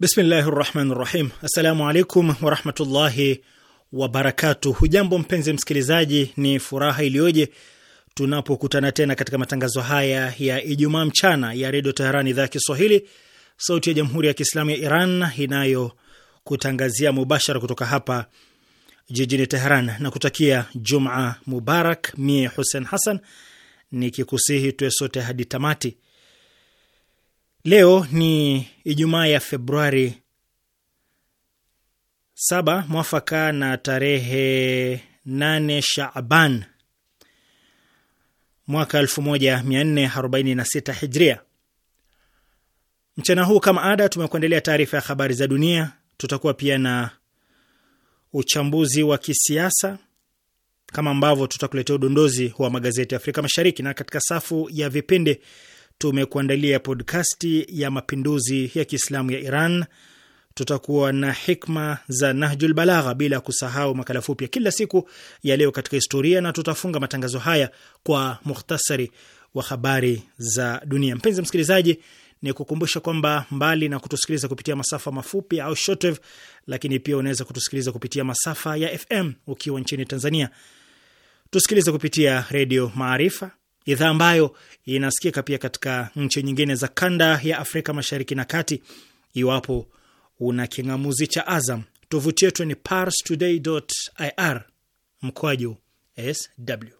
Bismillahi rahmani rahim. Assalamu alaikum warahmatullahi wabarakatu Hujambo mpenzi msikilizaji, ni furaha iliyoje tunapokutana tena katika matangazo haya ya Ijumaa mchana ya redio Teheran, idhaa ya Kiswahili, sauti ya jamhuri ya kiislamu ya Iran inayokutangazia mubashara kutoka hapa jijini Teheran na kutakia Juma Mubarak. Mie Hussein Hassan nikikusihi tuwe sote hadi tamati Leo ni Ijumaa ya Februari 7 mwafaka na tarehe 8 Shaaban mwaka 1446 Hijria. Mchana huu kama ada, tumekuandalia taarifa ya habari za dunia, tutakuwa pia na uchambuzi wa kisiasa kama ambavyo tutakuletea udondozi wa magazeti ya Afrika Mashariki, na katika safu ya vipindi tumekuandalia podkasti ya mapinduzi ya Kiislamu ya Iran. Tutakuwa na hikma za Nahjul Balagha, bila ya kusahau makala fupi ya kila siku ya leo katika historia, na tutafunga matangazo haya kwa mukhtasari wa habari za dunia. Mpenzi msikilizaji, ni kukumbusha kwamba mbali na kutusikiliza kupitia masafa mafupi au shortwave, lakini pia unaweza kutusikiliza kupitia masafa ya FM ukiwa nchini Tanzania. Tusikilize kupitia Redio Maarifa idhaa ambayo inasikika pia katika nchi nyingine za kanda ya Afrika Mashariki na Kati, iwapo una king'amuzi cha Azam. Tovuti yetu ni parstoday.ir mkwaju sw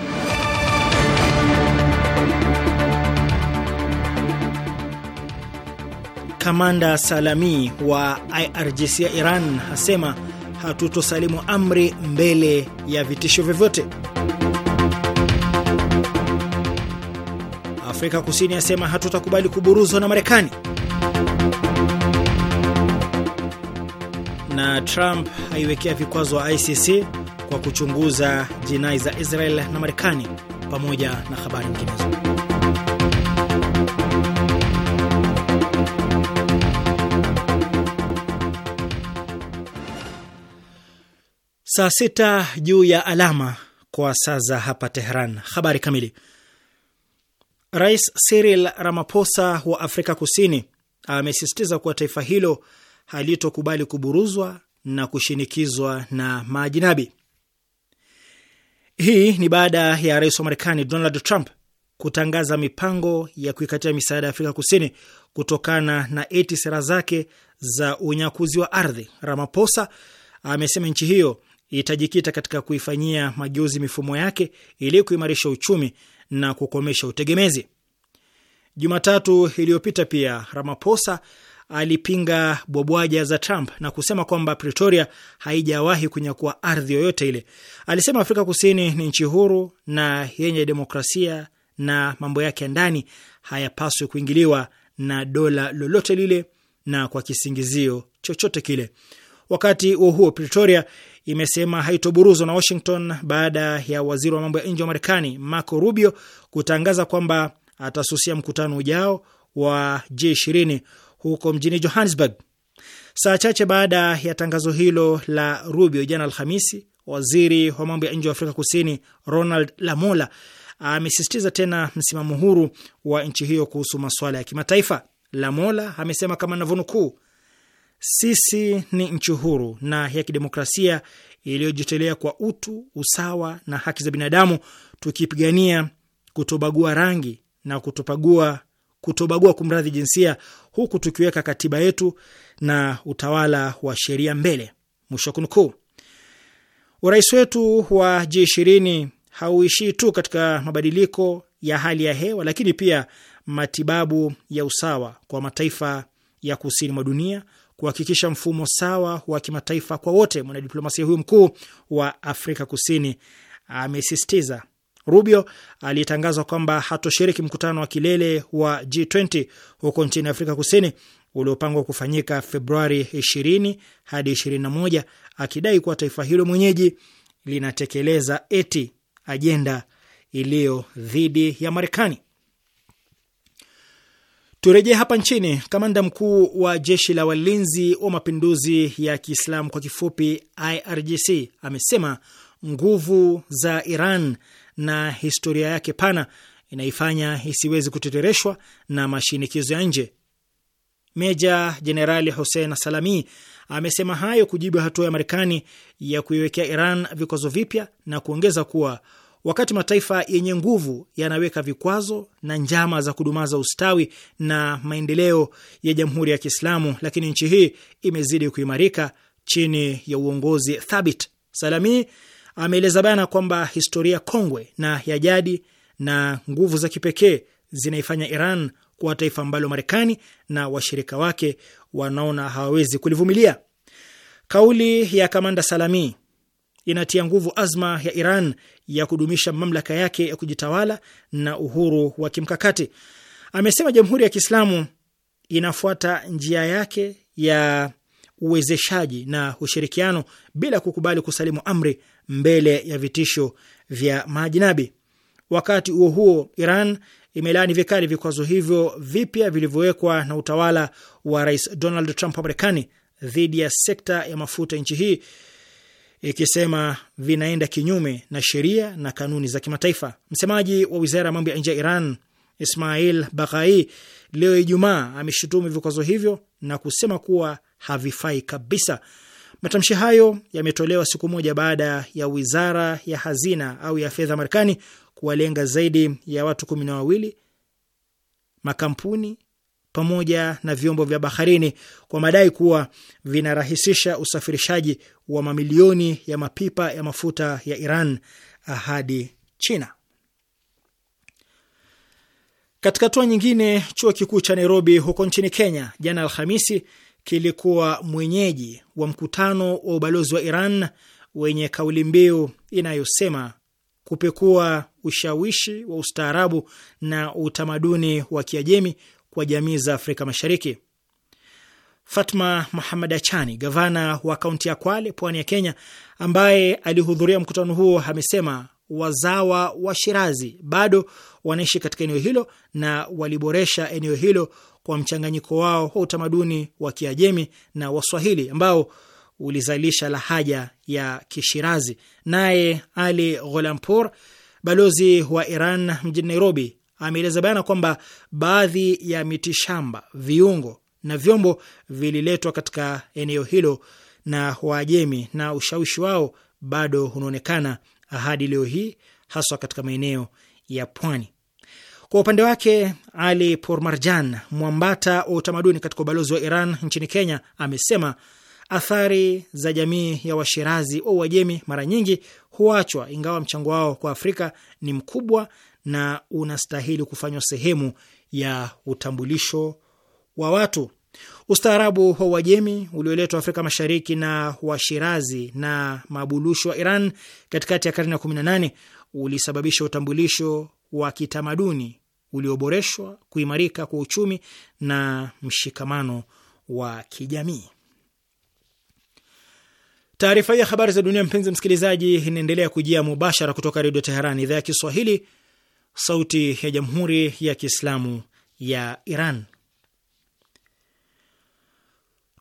Kamanda Salami wa IRGC ya Iran asema hatutosalimu amri mbele ya vitisho vyovyote. Afrika Kusini asema hatutakubali kuburuzwa na Marekani. Na Trump haiwekea vikwazo wa ICC kwa kuchunguza jinai za Israel na Marekani pamoja na habari nyinginezo. saa sita juu ya alama kwa saa za hapa Tehran. Habari kamili. Rais Cyril Ramaphosa wa Afrika Kusini amesisitiza kuwa taifa hilo halitokubali kuburuzwa na kushinikizwa na maajinabi. Hii ni baada ya rais wa Marekani Donald Trump kutangaza mipango ya kuikatia misaada ya Afrika Kusini kutokana na eti sera zake za unyakuzi wa ardhi. Ramaphosa amesema nchi hiyo itajikita katika kuifanyia mageuzi mifumo yake ili kuimarisha uchumi na kukomesha utegemezi. Jumatatu iliyopita pia Ramaphosa alipinga bwabwaja za Trump na kusema kwamba Pretoria haijawahi kunyakua ardhi yoyote ile. Alisema Afrika Kusini ni nchi huru na yenye demokrasia na mambo yake ya ndani hayapaswi kuingiliwa na dola lolote lile na kwa kisingizio chochote kile. Wakati huo huo, Pretoria imesema haitoburuzwa na Washington baada ya waziri wa mambo ya nje wa Marekani Marco Rubio kutangaza kwamba atasusia mkutano ujao wa G20 huko mjini Johannesburg. Saa chache baada ya tangazo hilo la Rubio jana Alhamisi, waziri wa mambo ya nje wa Afrika Kusini Ronald Lamola amesisitiza tena msimamo huru wa nchi hiyo kuhusu masuala ya kimataifa. Lamola amesema kama navyonukuu, sisi ni nchi huru na ya kidemokrasia iliyojitolea kwa utu, usawa na haki za binadamu, tukipigania kutobagua rangi na kutopagua, kutobagua kumradhi, jinsia, huku tukiweka katiba yetu na utawala wa sheria mbele. Mwisho kunukuu. Urais wetu wa G20 hauishii tu katika mabadiliko ya hali ya hewa, lakini pia matibabu ya usawa kwa mataifa ya kusini mwa dunia kuhakikisha mfumo sawa wa kimataifa kwa wote. Mwanadiplomasia huyu mkuu wa Afrika Kusini amesisitiza. Rubio alitangazwa kwamba hatoshiriki mkutano wa kilele wa G20 huko nchini Afrika Kusini uliopangwa kufanyika Februari 20 hadi 21, akidai kuwa taifa hilo mwenyeji linatekeleza eti ajenda iliyo dhidi ya Marekani. Turejee hapa nchini. Kamanda mkuu wa jeshi la walinzi wa mapinduzi ya Kiislamu, kwa kifupi IRGC, amesema nguvu za Iran na historia yake pana inaifanya isiwezi kutetereshwa na mashinikizo ya nje. Meja Jenerali Hussein Salami amesema hayo kujibu hatua ya Marekani ya kuiwekea Iran vikwazo vipya na kuongeza kuwa wakati mataifa yenye nguvu yanaweka vikwazo na njama za kudumaza ustawi na maendeleo ya Jamhuri ya Kiislamu, lakini nchi hii imezidi kuimarika chini ya uongozi thabit. Salami ameeleza bana kwamba historia kongwe na ya jadi na nguvu za kipekee zinaifanya Iran kuwa taifa ambalo Marekani na washirika wake wanaona hawawezi kulivumilia. Kauli ya kamanda Salami inatia nguvu azma ya Iran ya kudumisha mamlaka yake ya kujitawala na uhuru wa kimkakati. Amesema Jamhuri ya Kiislamu inafuata njia yake ya uwezeshaji na ushirikiano bila kukubali kusalimu amri mbele ya vitisho vya majinabi. Wakati huo huo, Iran imelaani vikali vikwazo hivyo vipya vilivyowekwa na utawala wa Rais Donald Trump wa Marekani dhidi ya sekta ya mafuta nchi hii ikisema vinaenda kinyume na sheria na kanuni za kimataifa. Msemaji wa wizara ya mambo ya nje ya Iran Ismail Baghai leo Ijumaa ameshutumu vikwazo hivyo na kusema kuwa havifai kabisa. Matamshi hayo yametolewa siku moja baada ya wizara ya hazina au ya fedha Marekani kuwalenga zaidi ya watu kumi na wawili, makampuni pamoja na vyombo vya baharini kwa madai kuwa vinarahisisha usafirishaji wa mamilioni ya mapipa ya mafuta ya Iran hadi China. Katika hatua nyingine, chuo kikuu cha Nairobi huko nchini Kenya jana Alhamisi kilikuwa mwenyeji wa mkutano wa ubalozi wa Iran wenye kauli mbiu inayosema kupekua ushawishi wa ustaarabu na utamaduni wa Kiajemi kwa jamii za Afrika Mashariki. Fatma Muhammad Achani, gavana wa kaunti ya Kwale, pwani ya Kenya, ambaye alihudhuria mkutano huo, amesema wazawa wa Shirazi bado wanaishi katika eneo hilo na waliboresha eneo hilo kwa mchanganyiko wao wa utamaduni wa Kiajemi na Waswahili ambao ulizalisha lahaja ya Kishirazi. Naye Ali Gholampur, balozi wa Iran mjini Nairobi, ameeleza bayana kwamba baadhi ya mitishamba, viungo na vyombo vililetwa katika eneo hilo na Waajemi na ushawishi wao bado unaonekana hadi leo hii, haswa katika maeneo ya pwani. Kwa upande wake, Ali Pormarjan, mwambata wa utamaduni katika ubalozi wa Iran nchini Kenya, amesema athari za jamii ya Washirazi wa Uajemi mara nyingi huachwa, ingawa mchango wao kwa Afrika ni mkubwa na unastahili kufanywa sehemu ya utambulisho wa watu. Ustaarabu wa Uajemi ulioletwa Afrika Mashariki na Washirazi na mabulushu wa Iran katikati ya karne ya 18 ulisababisha utambulisho wa kitamaduni ulioboreshwa, kuimarika kwa uchumi na mshikamano wa kijamii. Taarifa hii ya habari za dunia, mpenzi msikilizaji, inaendelea kujia mubashara kutoka Redio Teheran, idhaa ya Kiswahili, sauti ya jamhuri ya Kiislamu ya Iran.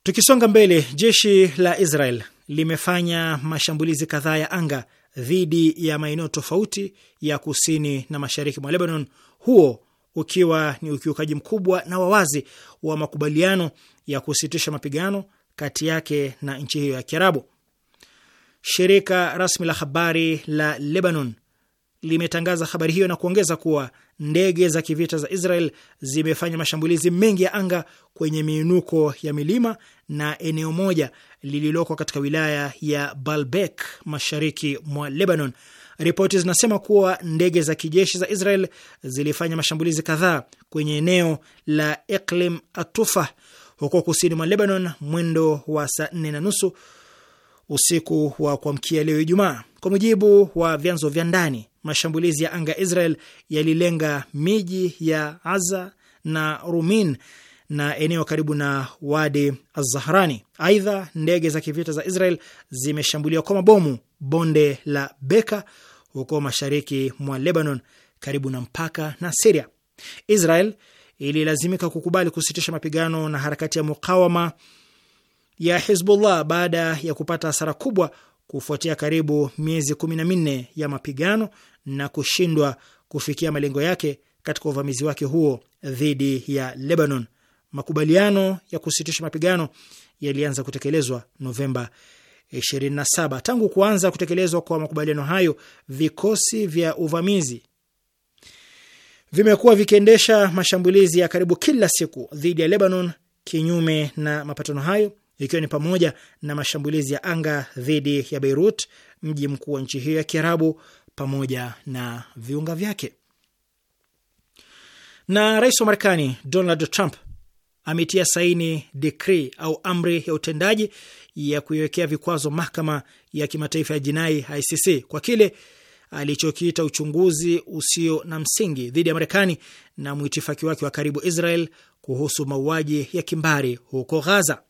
Tukisonga mbele, jeshi la Israel limefanya mashambulizi kadhaa ya anga dhidi ya maeneo tofauti ya kusini na mashariki mwa Lebanon, huo ukiwa ni ukiukaji mkubwa na wawazi wa makubaliano ya kusitisha mapigano kati yake na nchi hiyo ya Kiarabu. Shirika rasmi la habari la Lebanon limetangaza habari hiyo na kuongeza kuwa ndege za kivita za Israel zimefanya mashambulizi mengi ya anga kwenye miinuko ya milima na eneo moja lililoko katika wilaya ya Baalbek mashariki mwa Lebanon. Ripoti zinasema kuwa ndege za kijeshi za Israel zilifanya mashambulizi kadhaa kwenye eneo la Eklem Atufa huko kusini mwa Lebanon mwendo wa saa nne na nusu usiku wa kuamkia leo Ijumaa. Kwa mujibu wa vyanzo vya ndani, mashambulizi ya anga Israel yalilenga miji ya Aza na Rumin na eneo karibu na Wadi Azahrani. Aidha, ndege za kivita za Israel zimeshambuliwa kwa mabomu bonde la Beka huko mashariki mwa Lebanon, karibu na mpaka na Siria. Israel ililazimika kukubali kusitisha mapigano na harakati ya mukawama ya Hizbullah baada ya kupata hasara kubwa kufuatia karibu miezi kumi na minne ya mapigano na kushindwa kufikia malengo yake katika uvamizi wake huo dhidi ya Lebanon. Makubaliano ya kusitisha mapigano yalianza kutekelezwa Novemba 27. Tangu kuanza kutekelezwa kwa makubaliano hayo, vikosi vya uvamizi vimekuwa vikiendesha mashambulizi ya karibu kila siku dhidi ya Lebanon, kinyume na mapatano hayo ikiwa ni pamoja na mashambulizi ya anga dhidi ya Beirut, mji mkuu wa nchi hiyo ya Kiarabu, pamoja na viunga vyake. Na rais wa Marekani Donald Trump ametia saini dekri au amri ya utendaji ya kuiwekea vikwazo mahakama ya kimataifa ya jinai ICC kwa kile alichokiita uchunguzi usio na msingi dhidi ya Marekani na mwitifaki wake wa karibu Israel kuhusu mauaji ya kimbari huko Ghaza.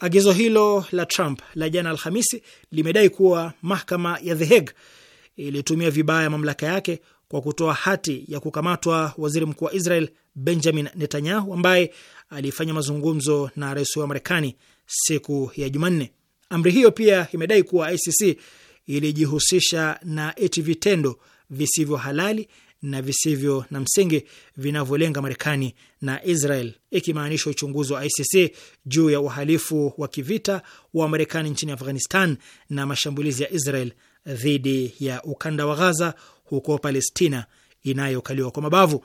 Agizo hilo la Trump la jana Alhamisi limedai kuwa mahakama ya The Hague ilitumia vibaya mamlaka yake kwa kutoa hati ya kukamatwa waziri mkuu wa Israel Benjamin Netanyahu ambaye alifanya mazungumzo na rais wa Marekani siku ya Jumanne. Amri hiyo pia imedai kuwa ICC ilijihusisha na eti vitendo visivyo halali na visivyo na msingi vinavyolenga Marekani na Israel, ikimaanisha uchunguzi wa ICC juu ya uhalifu wa kivita wa Marekani nchini Afghanistan na mashambulizi ya Israel dhidi ya ukanda wa Ghaza huko Palestina inayokaliwa kwa mabavu.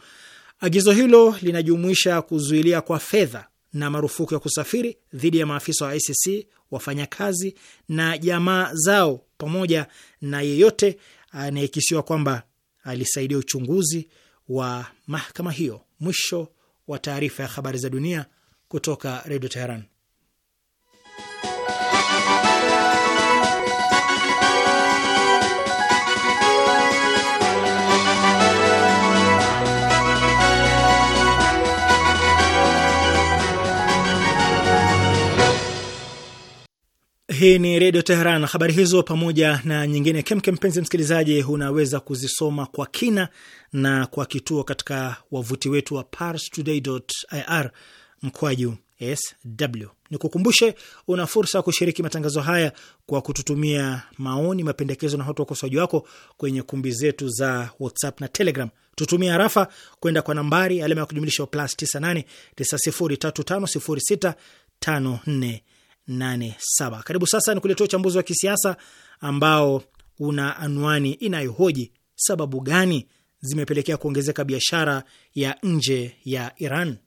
Agizo hilo linajumuisha kuzuilia kwa fedha na marufuku ya kusafiri dhidi ya maafisa wa ICC, wafanyakazi na jamaa zao, pamoja na yeyote anayekisiwa kwamba alisaidia uchunguzi wa mahakama hiyo. Mwisho wa taarifa ya habari za dunia kutoka Redio Teheran. Hii ni Redio Teheran. Habari hizo pamoja na nyingine kemke, mpenzi msikilizaji, unaweza kuzisoma kwa kina na kwa kituo katika wavuti wetu wa parstoday.ir mkwaju sw. ni kukumbushe una fursa ya kushiriki matangazo haya kwa kututumia maoni, mapendekezo na hata ukosoaji wako kwenye kumbi zetu za WhatsApp na Telegram. Tutumia harafa kwenda kwa nambari alama ya kujumlisha plus 98 90350654 87. Karibu sasa ni kuletea uchambuzi wa kisiasa ambao una anwani inayohoji sababu gani zimepelekea kuongezeka biashara ya nje ya Iran.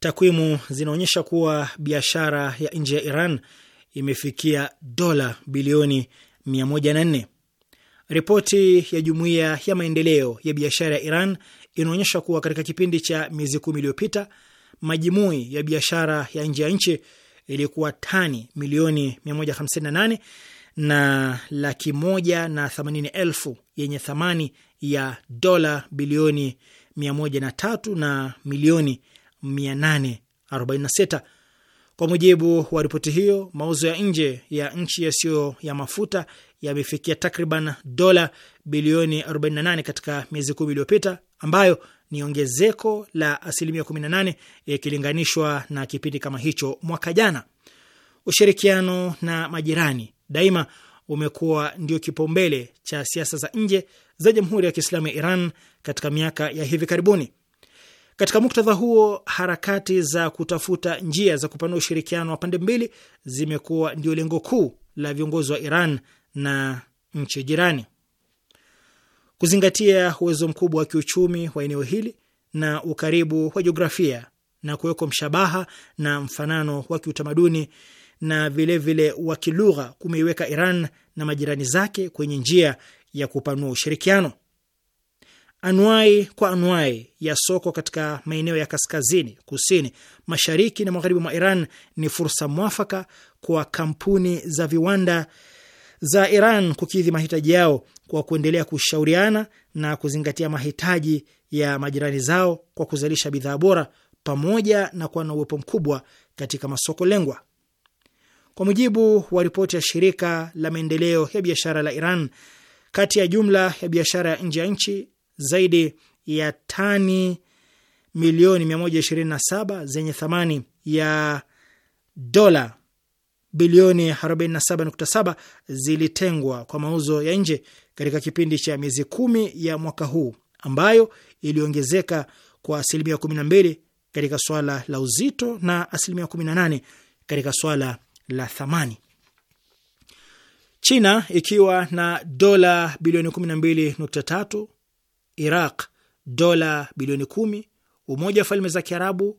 Takwimu zinaonyesha kuwa biashara ya nje ya Iran imefikia dola bilioni 104. Ripoti ya Jumuiya ya Maendeleo ya Biashara ya Iran inaonyesha kuwa katika kipindi cha miezi kumi iliyopita majimui ya biashara ya nje ya nchi ilikuwa tani milioni 158 na laki moja na themanini elfu yenye thamani ya dola bilioni 103 na milioni 846 kwa mujibu wa ripoti hiyo, mauzo ya nje ya nchi yasiyo ya mafuta yamefikia takriban dola bilioni 48 katika miezi kumi iliyopita, ambayo ni ongezeko la asilimia 18 ikilinganishwa na kipindi kama hicho mwaka jana. Ushirikiano na majirani daima umekuwa ndio kipaumbele cha siasa za nje za Jamhuri ya Kiislamu ya Iran katika miaka ya hivi karibuni. Katika muktadha huo, harakati za kutafuta njia za kupanua ushirikiano wa pande mbili zimekuwa ndio lengo kuu la viongozi wa Iran na nchi jirani. Kuzingatia uwezo mkubwa wa kiuchumi wa eneo hili na ukaribu wa jiografia na kuwekwa mshabaha na mfanano wa kiutamaduni na vilevile wa kilugha kumeiweka Iran na majirani zake kwenye njia ya kupanua ushirikiano anwai kwa anwai ya soko katika maeneo ya kaskazini, kusini, mashariki na magharibi mwa Iran ni fursa mwafaka kwa kampuni za viwanda za Iran kukidhi mahitaji yao kwa kuendelea kushauriana na kuzingatia mahitaji ya majirani zao kwa kuzalisha bidhaa bora pamoja na kuwa na uwepo mkubwa katika masoko lengwa. Kwa mujibu wa ripoti ya shirika la maendeleo ya biashara la Iran, kati ya jumla ya biashara ya nje ya nchi zaidi ya tani milioni 127 zenye thamani ya dola bilioni 47.7 zilitengwa kwa mauzo ya nje katika kipindi cha miezi kumi ya mwaka huu ambayo iliongezeka kwa asilimia 12 katika swala la uzito na asilimia 18 katika swala la thamani. China ikiwa na dola bilioni Iraq dola bilioni kumi, Umoja wa Falme za Kiarabu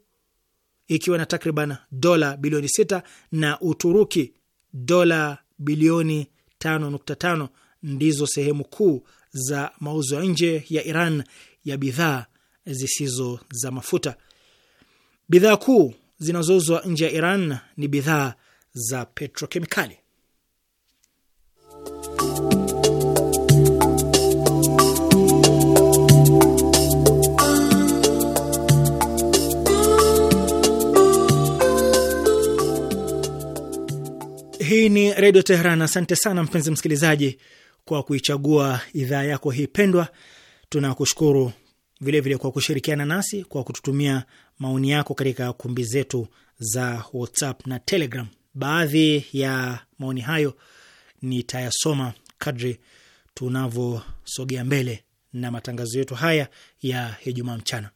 ikiwa na takriban dola bilioni sita na Uturuki dola bilioni tano nukta tano ndizo sehemu kuu za mauzo ya nje ya Iran ya bidhaa zisizo za mafuta. Bidhaa kuu zinazouzwa nje ya Iran ni bidhaa za petrokemikali. Hii ni Redio Teheran. Asante sana mpenzi msikilizaji kwa kuichagua idhaa yako hii pendwa. Tunakushukuru vilevile kwa kushirikiana nasi kwa kututumia maoni yako katika kumbi zetu za WhatsApp na Telegram. Baadhi ya maoni hayo nitayasoma kadri tunavyosogea mbele na matangazo yetu haya ya Ijumaa mchana.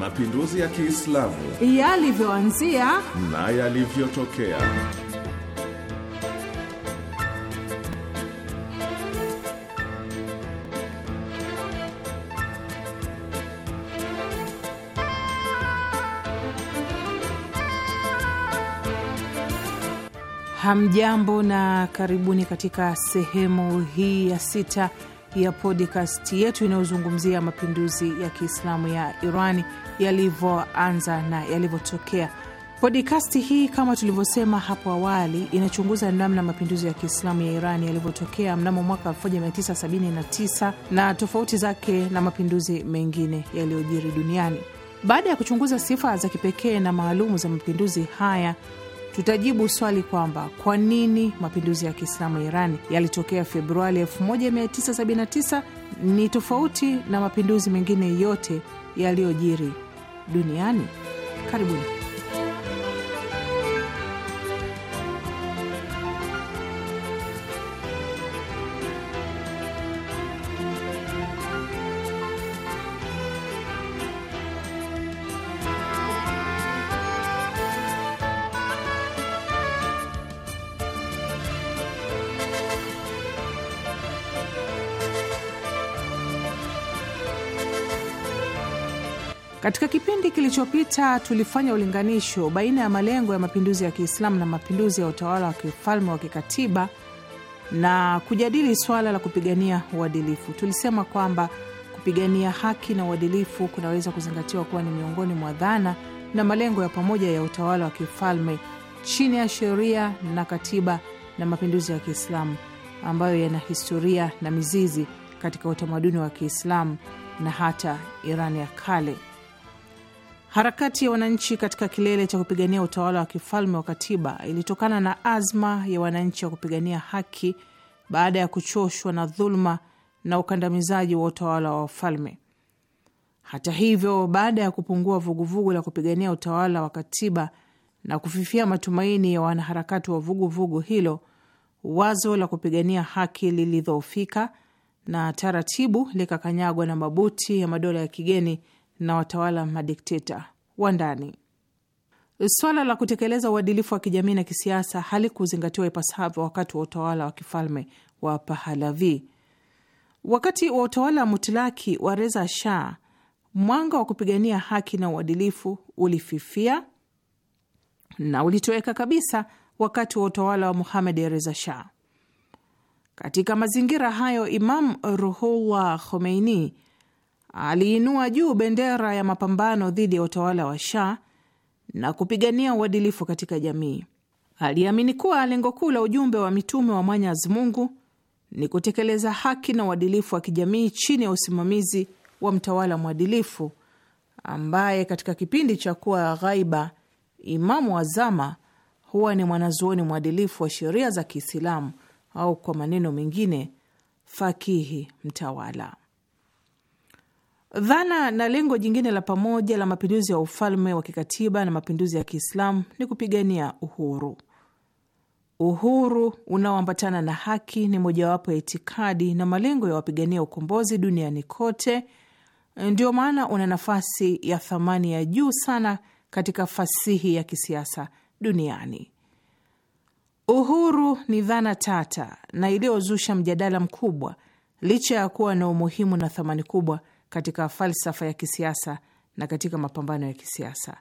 mapinduzi ya Kiislamu yalivyoanzia na yalivyotokea. Hamjambo na karibuni katika sehemu hii ya sita ya podcast yetu inayozungumzia mapinduzi ya Kiislamu ya Irani yalivyoanza na yalivyotokea. Podikasti hii kama tulivyosema hapo awali, inachunguza namna mapinduzi ya Kiislamu ya iran yalivyotokea mnamo mwaka 1979 na tofauti zake na mapinduzi mengine yaliyojiri duniani. Baada ya kuchunguza sifa za kipekee na maalumu za mapinduzi haya tutajibu swali kwamba kwa nini mapinduzi ya Kiislamu ya Iran yalitokea Februari 1979 ni tofauti na mapinduzi mengine yote yaliyojiri duniani. Karibuni. Katika kipindi kilichopita tulifanya ulinganisho baina ya malengo ya mapinduzi ya Kiislamu na mapinduzi ya utawala wa kifalme wa kikatiba na kujadili swala la kupigania uadilifu. Tulisema kwamba kupigania haki na uadilifu kunaweza kuzingatiwa kuwa ni miongoni mwa dhana na malengo ya pamoja ya utawala wa kifalme chini ya sheria na katiba na mapinduzi ya Kiislamu ambayo yana historia na mizizi katika utamaduni wa Kiislamu na hata Irani ya kale. Harakati ya wananchi katika kilele cha kupigania utawala wa kifalme wa katiba ilitokana na azma ya wananchi wa kupigania haki baada ya kuchoshwa na dhuluma na ukandamizaji wa utawala wa wafalme. Hata hivyo, baada ya kupungua vuguvugu la kupigania utawala wa katiba na kufifia matumaini ya wanaharakati wa vuguvugu vugu hilo, wazo la kupigania haki lilidhoofika na taratibu likakanyagwa na mabuti ya madola ya kigeni na watawala madikteta wa ndani. Swala la kutekeleza uadilifu wa kijamii na kisiasa halikuzingatiwa ipasavyo wakati wa utawala wa kifalme wa Pahalavi. Wakati wa utawala wa mutilaki wa Reza Shah, mwanga wa kupigania haki na uadilifu ulififia na ulitoweka kabisa wakati wa utawala wa Muhamed Reza Shah. Katika mazingira hayo, Imam Ruhullah Khomeini aliinua juu bendera ya mapambano dhidi ya utawala wa Shah na kupigania uadilifu katika jamii. Aliamini kuwa lengo kuu la ujumbe wa mitume wa Mwenyezi Mungu ni kutekeleza haki na uadilifu wa kijamii chini ya usimamizi wa mtawala mwadilifu ambaye katika kipindi cha kuwa ghaiba imamu wa zama huwa ni mwanazuoni mwadilifu wa sheria za Kiislamu au kwa maneno mengine fakihi mtawala. Dhana na lengo jingine la pamoja la mapinduzi ya ufalme wa kikatiba na mapinduzi ya Kiislamu ni kupigania uhuru. Uhuru unaoambatana na haki ni mojawapo ya itikadi na malengo ya wapigania ukombozi duniani kote. Ndio maana una nafasi ya thamani ya juu sana katika fasihi ya kisiasa duniani. Uhuru ni dhana tata na iliyozusha mjadala mkubwa, licha ya kuwa na umuhimu na thamani kubwa katika falsafa ya kisiasa na katika mapambano ya kisiasa.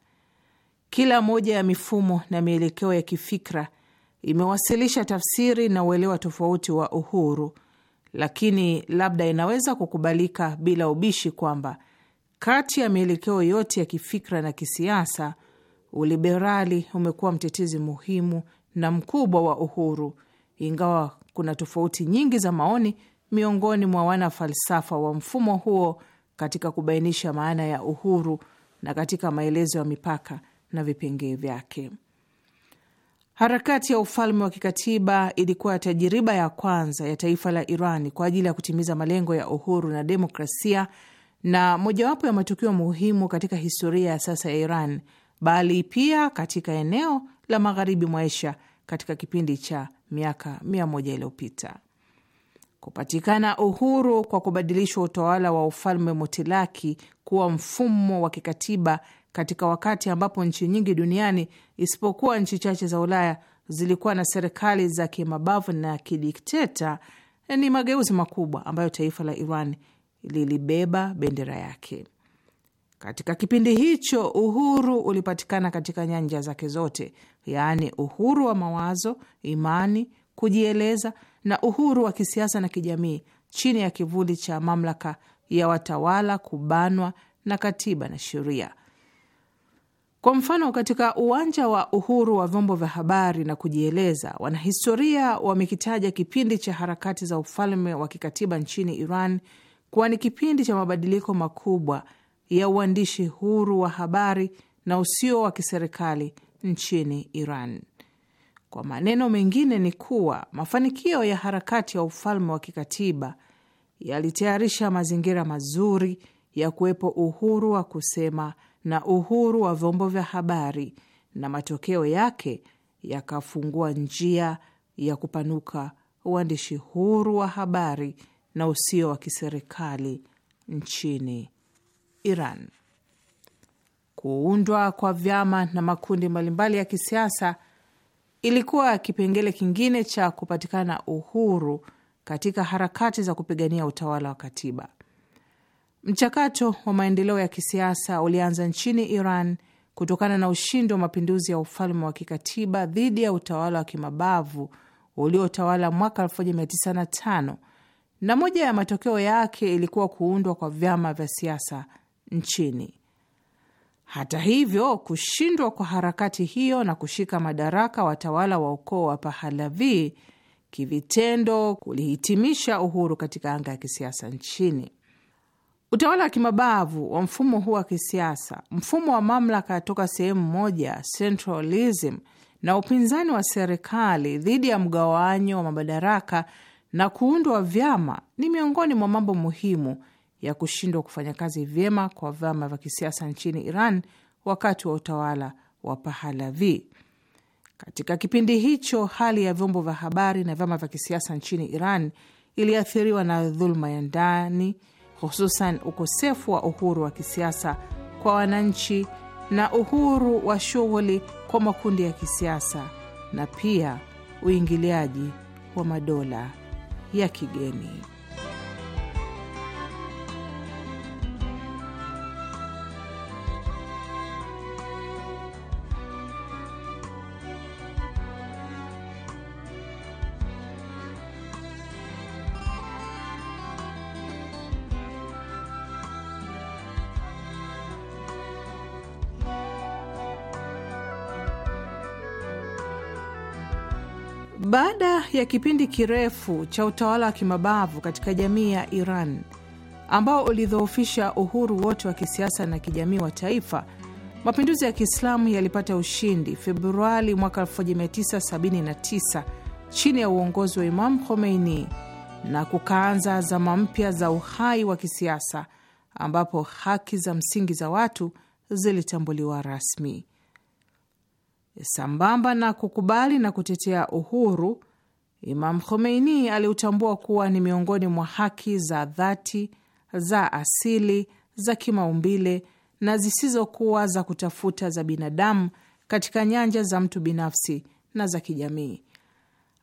Kila moja ya mifumo na mielekeo ya kifikra imewasilisha tafsiri na uelewa tofauti wa uhuru, lakini labda inaweza kukubalika bila ubishi kwamba kati ya mielekeo yote ya kifikra na kisiasa, uliberali umekuwa mtetezi muhimu na mkubwa wa uhuru, ingawa kuna tofauti nyingi za maoni miongoni mwa wanafalsafa wa mfumo huo katika kubainisha maana ya uhuru na katika maelezo ya mipaka na vipengee vyake. Harakati ya ufalme wa kikatiba ilikuwa tajiriba ya kwanza ya taifa la Iran kwa ajili ya kutimiza malengo ya uhuru na demokrasia na mojawapo ya matukio muhimu katika historia ya sasa ya Iran, bali pia katika eneo la magharibi mwa Asia katika kipindi cha miaka mia moja iliyopita kupatikana uhuru kwa kubadilishwa utawala wa ufalme motilaki kuwa mfumo wa kikatiba katika wakati ambapo nchi nyingi duniani isipokuwa nchi chache za Ulaya zilikuwa na serikali za kimabavu na kidikteta ni mageuzi makubwa ambayo taifa la Iran lilibeba bendera yake. Katika kipindi hicho uhuru ulipatikana katika nyanja zake zote, yaani uhuru wa mawazo, imani, kujieleza na uhuru wa kisiasa na kijamii chini ya kivuli cha mamlaka ya watawala kubanwa na katiba na sheria. Kwa mfano, katika uwanja wa uhuru wa vyombo vya habari na kujieleza, wanahistoria wamekitaja kipindi cha harakati za ufalme wa kikatiba nchini Iran kuwa ni kipindi cha mabadiliko makubwa ya uandishi huru wa habari na usio wa kiserikali nchini Iran. Kwa maneno mengine ni kuwa mafanikio ya harakati ya ufalme wa kikatiba yalitayarisha mazingira mazuri ya kuwepo uhuru wa kusema na uhuru wa vyombo vya habari, na matokeo yake yakafungua njia ya kupanuka uandishi huru wa habari na usio wa kiserikali nchini Iran. Kuundwa kwa vyama na makundi mbalimbali ya kisiasa ilikuwa kipengele kingine cha kupatikana uhuru katika harakati za kupigania utawala wa katiba. Mchakato wa maendeleo ya kisiasa ulianza nchini Iran kutokana na ushindi wa mapinduzi ya ufalme wa kikatiba dhidi ya utawala wa kimabavu uliotawala mwaka 1905 na moja ya matokeo yake ilikuwa kuundwa kwa vyama vya siasa nchini. Hata hivyo, kushindwa kwa harakati hiyo na kushika madaraka watawala wa ukoo wa Pahalavi kivitendo kulihitimisha uhuru katika anga ya kisiasa nchini. Utawala wa kimabavu wa mfumo huu wa kisiasa, mfumo wa mamlaka toka sehemu moja, centralism, na upinzani wa serikali dhidi ya mgawanyo wa madaraka na kuundwa vyama ni miongoni mwa mambo muhimu ya kushindwa kufanya kazi vyema kwa vyama vya kisiasa nchini Iran wakati wa utawala wa Pahalavi. Katika kipindi hicho, hali ya vyombo vya habari na vyama vya kisiasa nchini Iran iliathiriwa na dhuluma ya ndani, hususan ukosefu wa uhuru wa kisiasa kwa wananchi na uhuru wa shughuli kwa makundi ya kisiasa na pia uingiliaji wa madola ya kigeni. Baada ya kipindi kirefu cha utawala wa kimabavu katika jamii ya Iran ambao ulidhoofisha uhuru wote wa kisiasa na kijamii wa taifa, mapinduzi ya Kiislamu yalipata ushindi Februari mwaka 1979 chini ya uongozi wa Imam Khomeini na kukaanza zama mpya za uhai wa kisiasa ambapo haki za msingi za watu zilitambuliwa rasmi. Sambamba na kukubali na kutetea uhuru, Imam Khomeini aliutambua kuwa ni miongoni mwa haki za dhati za asili za kimaumbile na zisizokuwa za kutafuta za binadamu katika nyanja za mtu binafsi na za kijamii.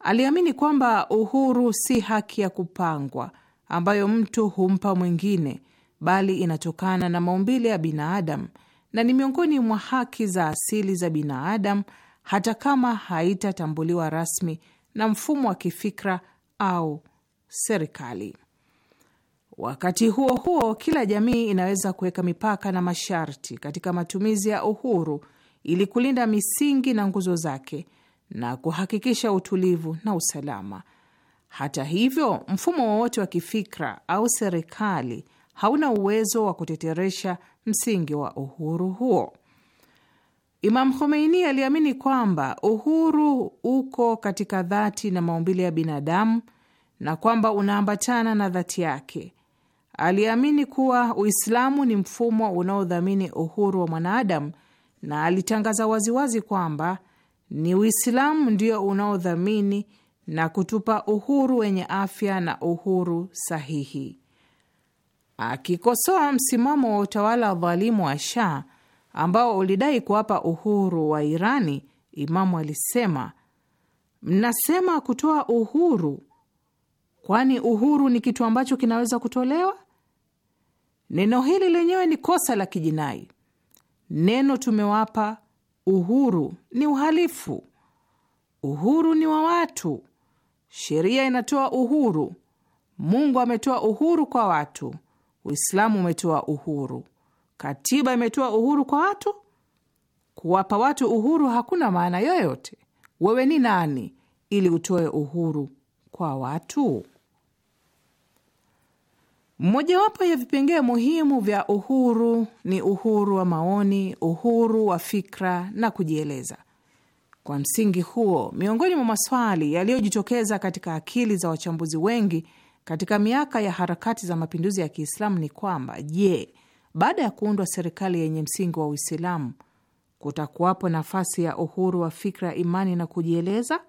Aliamini kwamba uhuru si haki ya kupangwa ambayo mtu humpa mwingine, bali inatokana na maumbile ya binadamu na ni miongoni mwa haki za asili za binadamu, hata kama haitatambuliwa rasmi na mfumo wa kifikra au serikali. Wakati huo huo, kila jamii inaweza kuweka mipaka na masharti katika matumizi ya uhuru ili kulinda misingi na nguzo zake na kuhakikisha utulivu na usalama. Hata hivyo, mfumo wowote wa kifikra au serikali hauna uwezo wa kuteteresha msingi wa uhuru huo. Imam Khomeini aliamini kwamba uhuru uko katika dhati na maumbile ya binadamu na kwamba unaambatana na dhati yake. Aliamini kuwa Uislamu ni mfumo unaodhamini uhuru wa mwanadamu na alitangaza waziwazi kwamba ni Uislamu ndio unaodhamini na kutupa uhuru wenye afya na uhuru sahihi akikosoa msimamo wa utawala wa dhalimu wa Shah ambao ulidai kuwapa uhuru wa Irani. Imamu alisema, mnasema kutoa uhuru, kwani uhuru ni kitu ambacho kinaweza kutolewa? Neno hili lenyewe ni kosa la kijinai. Neno tumewapa uhuru ni uhalifu. Uhuru ni wa watu, sheria inatoa uhuru, Mungu ametoa uhuru kwa watu. Uislamu umetoa uhuru, katiba imetoa uhuru kwa watu. Kuwapa watu uhuru hakuna maana yoyote. Wewe ni nani ili utoe uhuru kwa watu? Mojawapo ya vipengee muhimu vya uhuru ni uhuru wa maoni, uhuru wa fikra na kujieleza. Kwa msingi huo, miongoni mwa maswali yaliyojitokeza katika akili za wachambuzi wengi katika miaka ya harakati za mapinduzi ya Kiislamu ni kwamba je, baada ya kuundwa serikali yenye msingi wa Uislamu kutakuwapo nafasi ya uhuru wa fikra, imani na kujieleza?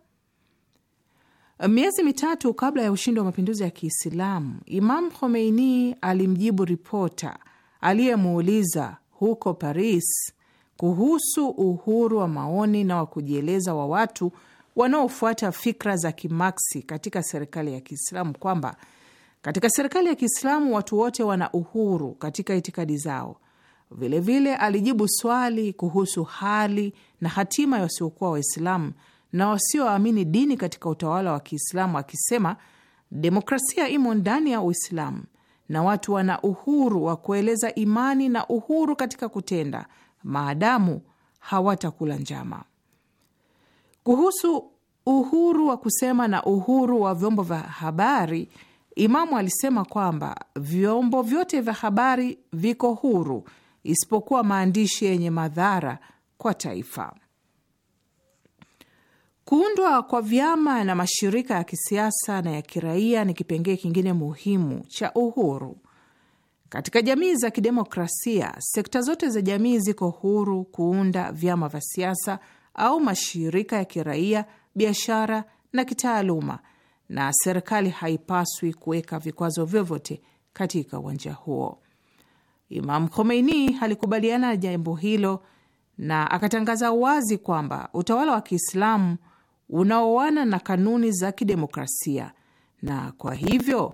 Miezi mitatu kabla ya ushindi wa mapinduzi ya Kiislamu, Imam Khomeini alimjibu ripota aliyemuuliza huko Paris kuhusu uhuru wa maoni na wa kujieleza wa watu wanaofuata fikra za kimaksi katika serikali ya Kiislamu kwamba katika serikali ya Kiislamu watu wote wana uhuru katika itikadi zao. Vilevile vile, alijibu swali kuhusu hali na hatima ya wasiokuwa Waislamu na wasioamini dini katika utawala wa Kiislamu akisema, demokrasia imo ndani ya Uislamu na watu wana uhuru wa kueleza imani na uhuru katika kutenda maadamu hawatakula njama. Kuhusu uhuru wa kusema na uhuru wa vyombo vya habari, Imamu alisema kwamba vyombo vyote vya habari viko huru isipokuwa maandishi yenye madhara kwa taifa. Kuundwa kwa vyama na mashirika ya kisiasa na ya kiraia ni kipengee kingine muhimu cha uhuru. Katika jamii za kidemokrasia, sekta zote za jamii ziko huru kuunda vyama vya siasa au mashirika ya kiraia, biashara na kitaaluma, na serikali haipaswi kuweka vikwazo vyovyote katika uwanja huo. Imam Khomeini alikubaliana na jambo hilo na akatangaza wazi kwamba utawala wa Kiislamu unaoana na kanuni za kidemokrasia na kwa hivyo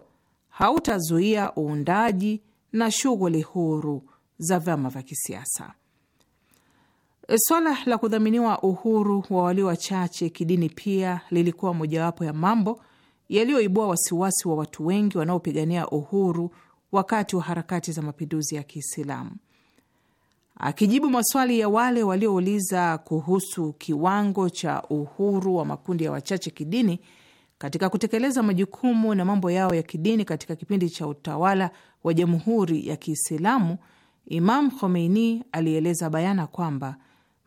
hautazuia uundaji na shughuli huru za vyama vya kisiasa. E, swala la kudhaminiwa uhuru wa walio wachache kidini pia lilikuwa mojawapo ya mambo yaliyoibua wasiwasi wa watu wengi wanaopigania uhuru wakati wa harakati za mapinduzi ya Kiislamu. Akijibu maswali ya wale waliouliza kuhusu kiwango cha uhuru wa makundi ya wachache kidini katika kutekeleza majukumu na mambo yao ya kidini katika kipindi cha utawala wa Jamhuri ya Kiislamu, Imam Khomeini alieleza bayana kwamba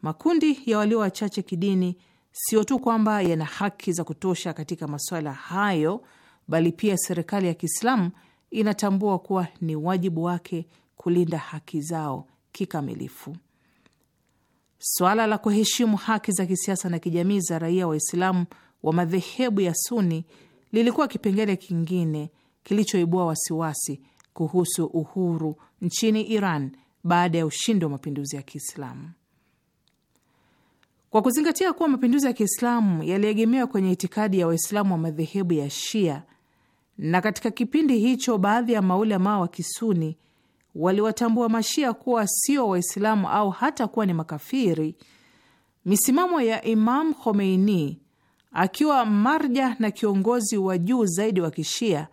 Makundi ya walio wachache kidini sio tu kwamba yana haki za kutosha katika masuala hayo, bali pia serikali ya Kiislamu inatambua kuwa ni wajibu wake kulinda haki zao kikamilifu. Swala la kuheshimu haki za kisiasa na kijamii za raia Waislamu wa madhehebu ya Suni lilikuwa kipengele kingine kilichoibua wasiwasi kuhusu uhuru nchini Iran baada ya ushindi wa mapinduzi ya Kiislamu. Kwa kuzingatia kuwa mapinduzi ya Kiislamu yaliegemewa kwenye itikadi ya Waislamu wa madhehebu ya Shia, na katika kipindi hicho baadhi ya maulamaa wa Kisuni waliwatambua Mashia kuwa sio Waislamu au hata kuwa ni makafiri. Misimamo ya Imam Khomeini akiwa marja na kiongozi wa juu zaidi wa Kishia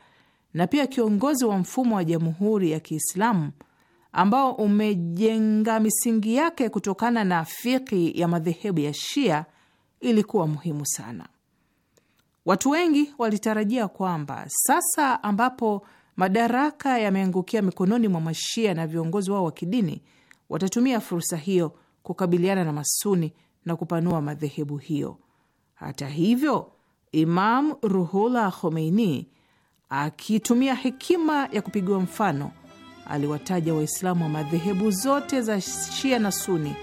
na pia kiongozi wa mfumo wa jamhuri ya Kiislamu ambao umejenga misingi yake kutokana na fiki ya madhehebu ya Shia ilikuwa muhimu sana. Watu wengi walitarajia kwamba sasa ambapo madaraka yameangukia mikononi mwa Mashia na viongozi wao wa kidini, watatumia fursa hiyo kukabiliana na Masuni na kupanua madhehebu hiyo. Hata hivyo, Imam Ruhullah Khomeini akitumia hekima ya kupigiwa mfano aliwataja Waislamu wa madhehebu zote za Shia na Suni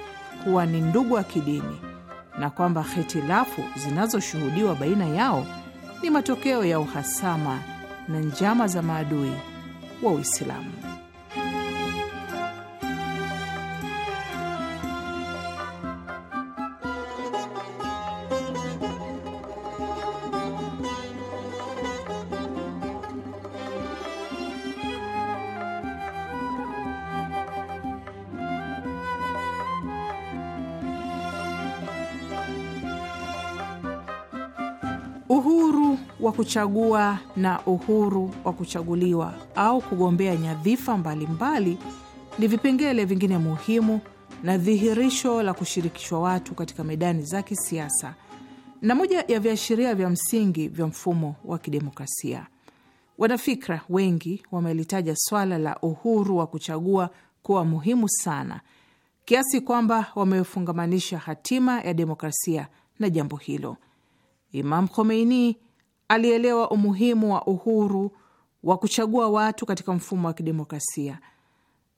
kuwa ni ndugu wa kidini na kwamba hitilafu zinazoshuhudiwa baina yao ni matokeo ya uhasama na njama za maadui wa Uislamu. kuchagua na uhuru wa kuchaguliwa au kugombea nyadhifa mbalimbali ni vipengele vingine muhimu na dhihirisho la kushirikishwa watu katika medani za kisiasa na moja ya viashiria vya msingi vya mfumo wa kidemokrasia. Wanafikra wengi wamelitaja swala la uhuru wa kuchagua kuwa muhimu sana kiasi kwamba wamefungamanisha hatima ya demokrasia na jambo hilo. Imam Khomeini alielewa umuhimu wa uhuru wa kuchagua watu katika mfumo wa kidemokrasia,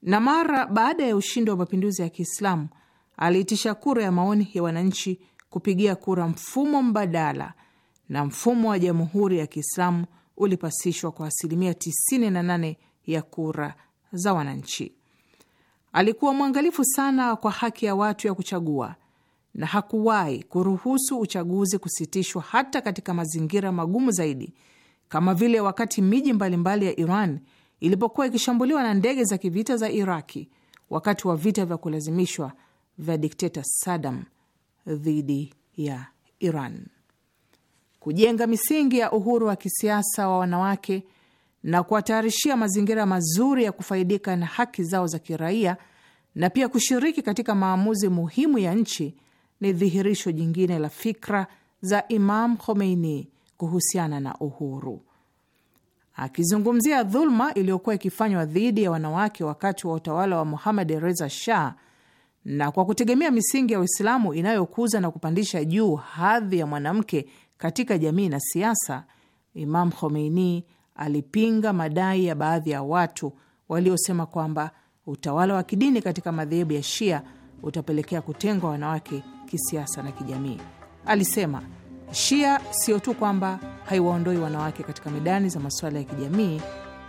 na mara baada ya ushindi wa mapinduzi ya Kiislamu aliitisha kura ya maoni ya wananchi kupigia kura mfumo mbadala, na mfumo wa jamhuri ya Kiislamu ulipasishwa kwa asilimia 98 ya kura za wananchi. Alikuwa mwangalifu sana kwa haki ya watu ya kuchagua na hakuwahi kuruhusu uchaguzi kusitishwa hata katika mazingira magumu zaidi, kama vile wakati miji mbalimbali ya Iran ilipokuwa ikishambuliwa na ndege za kivita za Iraki wakati wa vita vya kulazimishwa vya dikteta Saddam dhidi ya Iran. Kujenga misingi ya uhuru wa kisiasa wa wanawake na kuwatayarishia mazingira mazuri ya kufaidika na haki zao za kiraia na pia kushiriki katika maamuzi muhimu ya nchi ni dhihirisho jingine la fikra za Imam Khomeini kuhusiana na uhuru. Akizungumzia dhuluma iliyokuwa ikifanywa dhidi ya wanawake wakati wa utawala wa Muhammad Reza Shah na kwa kutegemea misingi ya Uislamu inayokuza na kupandisha juu hadhi ya mwanamke katika jamii na siasa, Imam Khomeini alipinga madai ya baadhi ya watu waliosema kwamba utawala wa kidini katika madhehebu ya Shia utapelekea kutengwa wanawake kisiasa na kijamii. Alisema Shia sio tu kwamba haiwaondoi wanawake katika medani za masuala ya kijamii,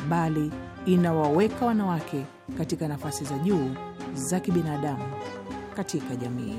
bali inawaweka wanawake katika nafasi za juu za kibinadamu katika jamii.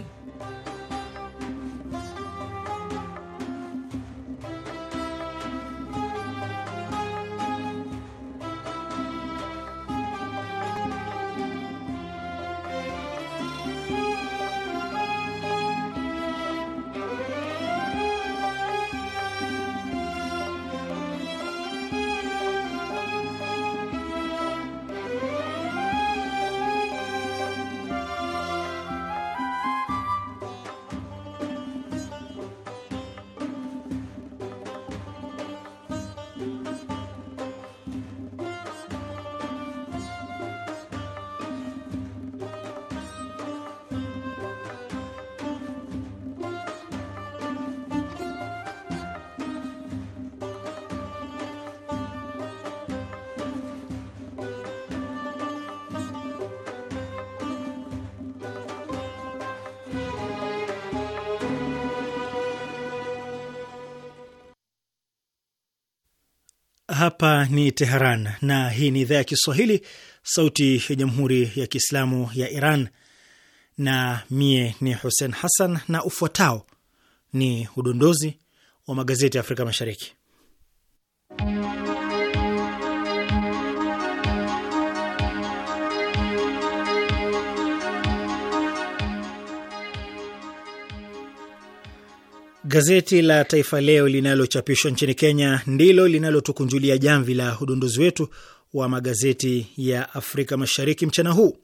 Hapa ni Teheran na hii ni idhaa ya Kiswahili, sauti ya jamhuri ya kiislamu ya Iran, na mie ni Hussein Hassan, na ufuatao ni udondozi wa magazeti ya Afrika Mashariki. Gazeti la Taifa Leo linalochapishwa nchini Kenya ndilo linalotukunjulia jamvi la udondozi wetu wa magazeti ya Afrika Mashariki mchana huu.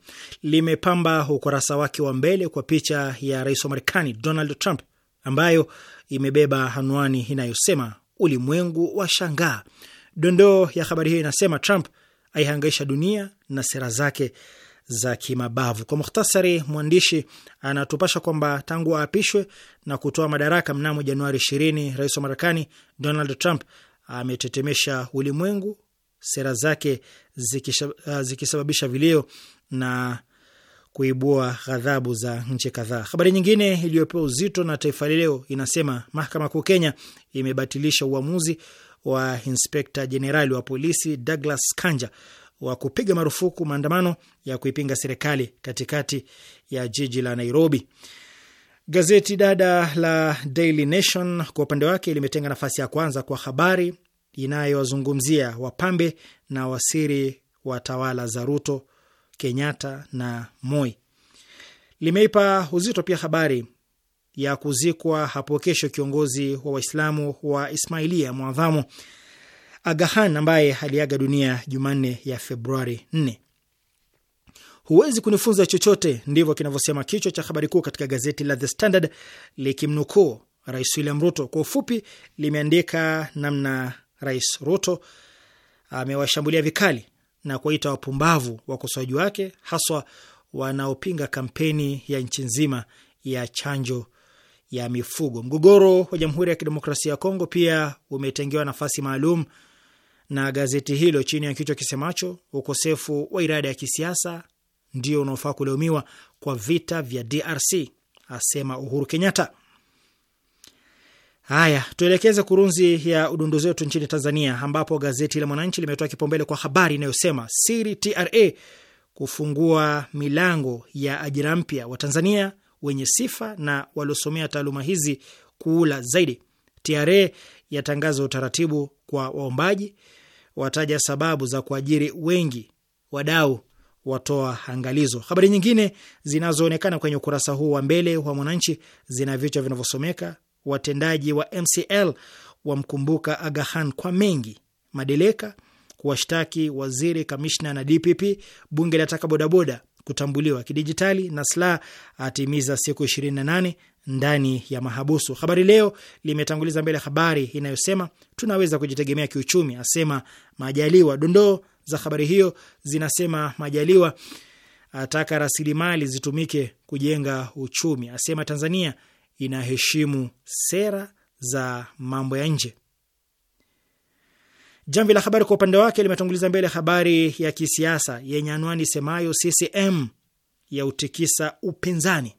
Limepamba ukurasa wake wa mbele kwa picha ya rais wa Marekani Donald Trump ambayo imebeba anwani inayosema ulimwengu wa shangaa. Dondoo ya habari hiyo inasema Trump aihangaisha dunia na sera zake za kimabavu. Kwa mukhtasari, mwandishi anatupasha kwamba tangu aapishwe na kutoa madaraka mnamo Januari 20 rais wa Marekani Donald Trump ametetemesha ulimwengu, sera zake uh, zikisababisha vilio na kuibua ghadhabu za nchi kadhaa. Habari nyingine iliyopewa uzito na Taifa Leo inasema mahakama kuu Kenya imebatilisha uamuzi wa inspekta jenerali wa polisi Douglas Kanja wa kupiga marufuku maandamano ya kuipinga serikali katikati ya jiji la Nairobi. Gazeti dada la Daily Nation kwa upande wake limetenga nafasi ya kwanza kwa habari inayowazungumzia wapambe na wasiri wa tawala za Ruto, Kenyatta na Moi. Limeipa uzito pia habari ya kuzikwa hapo kesho kiongozi wa Waislamu wa Ismailia mwadhamu Aga Khan ambaye aliaga dunia Jumanne ya Februari 4. Huwezi kunifunza chochote, ndivyo kinavyosema kichwa cha habari kuu katika gazeti la The Standard likimnukuu Rais William Ruto. Kwa ufupi, limeandika namna Rais Ruto amewashambulia vikali na kuwaita wapumbavu wakosoaji wake, haswa wanaopinga kampeni ya nchi nzima ya chanjo ya mifugo. Mgogoro wa Jamhuri ya Kidemokrasia ya Kongo pia umetengewa nafasi maalum na gazeti hilo chini ya kichwa kisemacho ukosefu wa irada ya kisiasa ndio unaofaa kulaumiwa kwa vita vya DRC, asema Uhuru Kenyatta. Haya, tuelekeze kurunzi ya udunduzi wetu nchini Tanzania, ambapo gazeti la Mwananchi limetoa kipaumbele kwa habari inayosema siri TRA kufungua milango ya ajira mpya, wa Tanzania wenye sifa na waliosomea taaluma hizi kuula zaidi. TRA yatangaza utaratibu kwa waombaji wataja sababu za kuajiri wengi, wadau watoa angalizo. Habari nyingine zinazoonekana kwenye ukurasa huu wa mbele wa Mwananchi zina vichwa vinavyosomeka watendaji wa MCL wamkumbuka agahan kwa mengi, madeleka kuwashtaki waziri, kamishna na DPP, bunge lataka bodaboda kutambuliwa kidijitali, na sla atimiza siku nane ndani ya mahabusu. Habari Leo limetanguliza mbele habari inayosema tunaweza kujitegemea kiuchumi, asema Majaliwa. Dondoo za habari hiyo zinasema Majaliwa ataka rasilimali zitumike kujenga uchumi, asema Tanzania inaheshimu sera za mambo ya nje. Jamvi la Habari kwa upande wake limetanguliza mbele habari ya kisiasa yenye anwani semayo CCM ya utikisa upinzani